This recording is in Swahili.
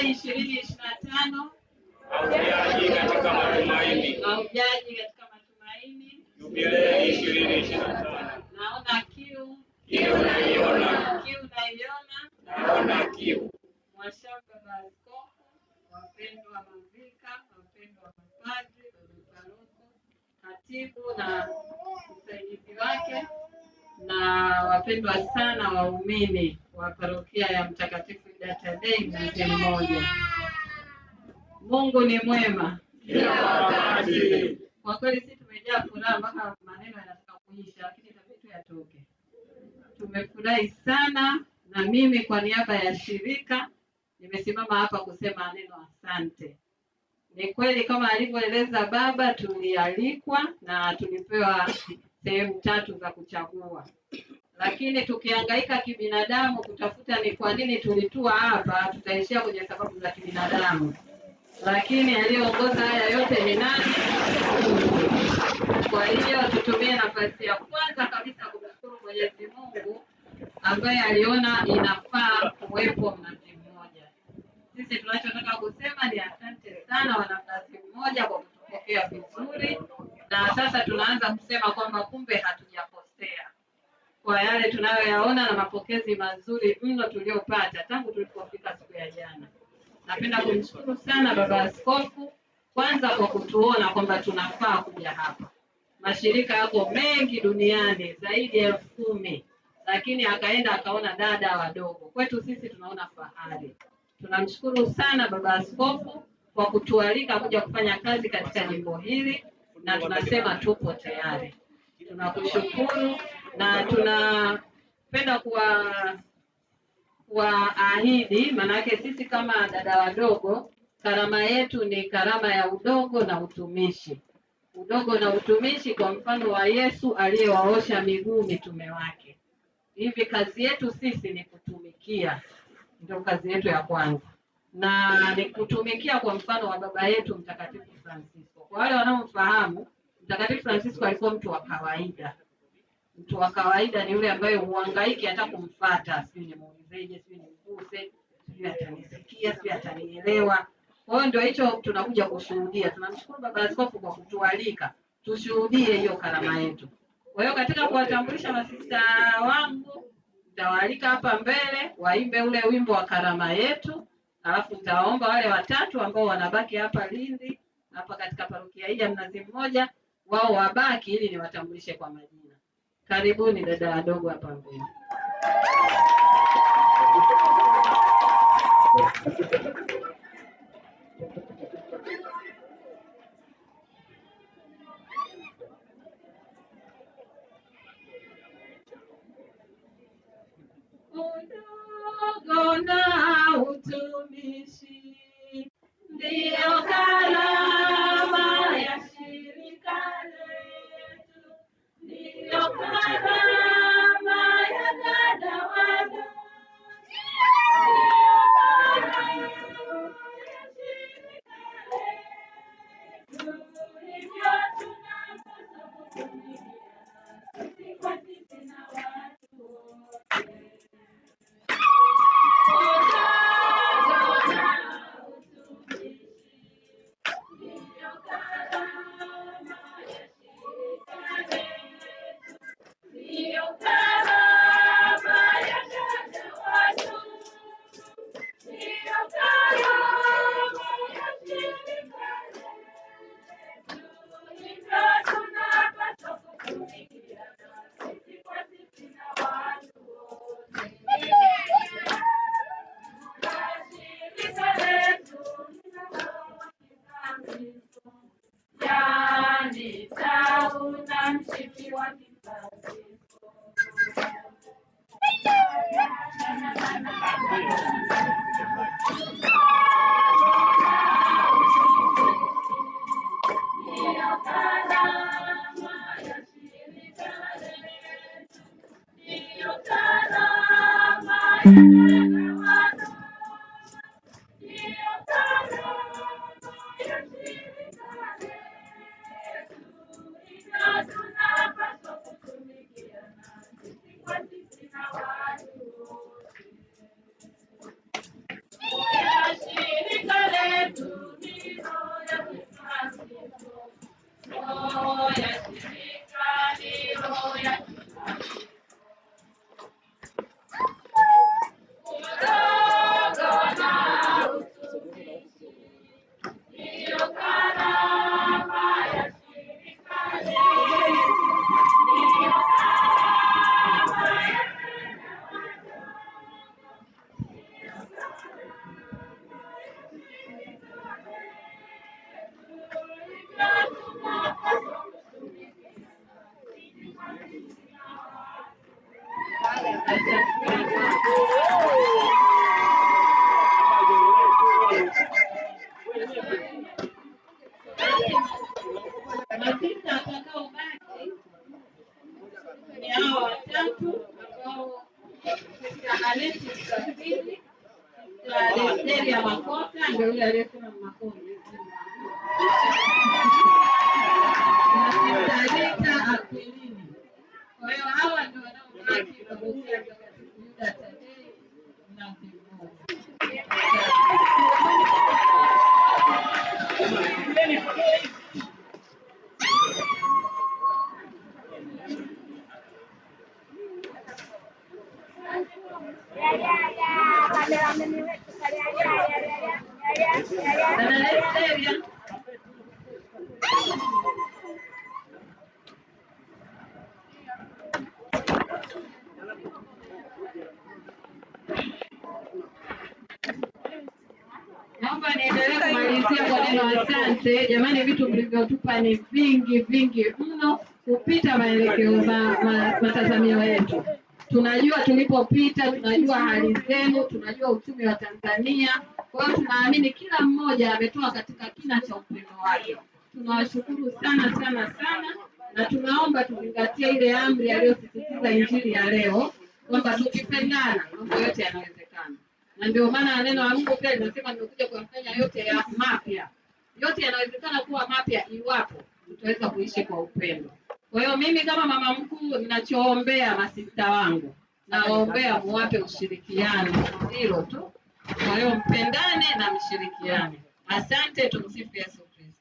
Julai ishirini ishirini na tano mahujaji katika matumaini mahujaji katika matumaini Jubilei ishirini ishirini na tano naona kiu kiu naiona kiu naiona naona kiu mwashauri baba askofu wapendwa mavika wapendwa mapadri baba paroko katibu na msaidizi wake na wapendwa sana waumini wa parokia ya mtakatifu dada mmoja. Mungu ni mwema kila wakati. Kwa kweli sisi tumejaa furaha mpaka maneno yanataka kuisha, lakini itabidi yatoke. Tumefurahi sana, na mimi kwa niaba ya shirika nimesimama hapa kusema neno asante. Ni kweli kama alivyoeleza baba, tulialikwa na tulipewa sehemu tatu za kuchagua lakini tukihangaika kibinadamu kutafuta ni kwa nini tulitua hapa, tutaishia kwenye sababu za kibinadamu, lakini aliyeongoza haya yote ni nani? Kwa hiyo tutumie nafasi ya kwanza kabisa kumshukuru Mwenyezi Mungu ambaye aliona inafaa kuwepo mnazi mmoja. Sisi tunachotaka kusema ni asante sana wanamnazi mmoja kwa kutupokea vizuri, na sasa tunaanza kusema kwamba kumbe hatu kwa yale tunayoyaona na mapokezi mazuri mno tuliyopata tangu tulipofika siku ya jana. Napenda kumshukuru sana Baba Askofu kwanza kwa kutuona kwamba tunafaa kuja hapa. Mashirika yako mengi duniani zaidi ya elfu kumi, lakini akaenda akaona dada wadogo. Kwetu sisi tunaona fahari. Tunamshukuru sana Baba Askofu kwa kutualika kuja kufanya kazi katika jimbo hili, na tunasema tupo tayari. Tunakushukuru na tunapenda kuwa kuwaahidi, maanake sisi kama dada wadogo, karama yetu ni karama ya udogo na utumishi. Udogo na utumishi kwa mfano wa Yesu aliyewaosha miguu mitume wake. Hivi kazi yetu sisi ni kutumikia, ndio kazi yetu ya kwanza, na ni kutumikia kwa mfano wa baba yetu Mtakatifu Francisco. Kwa wale wanaomfahamu Mtakatifu Francisco alikuwa mtu wa kawaida mtu wa kawaida ni yule ambaye huangaiki hata kumfuata, sijui nimuulizeje, sijui nimguse, sijui atanisikia, sijui atanielewa. Kwa hiyo ndio hicho tunakuja kushuhudia. Tunamshukuru Baba Askofu kwa kutualika tushuhudie hiyo karama yetu. Kwa hiyo katika kuwatambulisha masista wangu, nitawaalika hapa mbele waimbe ule wimbo wa karama yetu, alafu nitaomba wale watatu ambao wanabaki hapa Lindi, hapa katika parokia hii ya Mnazi Mmoja, wao wabaki ili niwatambulishe kwa majina. Karibuni dada wadogo hapa mbele. Thank you. Nakutalika akilini. Kwa hiyo hawa ndio wanaobaki na uhusiano katika Yuda Tadei na Kiboko. Yeah, yeah, yeah. Naomba niendelee kumalizia kwa neno asante. Jamani, vitu mlivyotupa ni vingi vingi mno, kupita maelekeo matazamio yetu tunajua tulipopita, tunajua hali zenu, tunajua uchumi wa Tanzania. Kwa hiyo tunaamini kila mmoja ametoa katika kina cha upendo wake. Tunawashukuru sana sana sana, na tunaomba tuzingatie ile amri aliyosisitiza injili ya leo kwamba tukipendana mambo yote yanawezekana, na ndio maana neno la Mungu pia linasema nimekuja kuyafanya yote ya mapya. Yote yanawezekana kuwa mapya iwapo tutaweza kuishi kwa upendo. Kwa hiyo mimi kama mama mkuu, ninachoombea masista wangu, naombea muwape ushirikiano, hilo tu. Kwa hiyo mpendane na mshirikiane. Asante, tumsifu Yesu Kristo.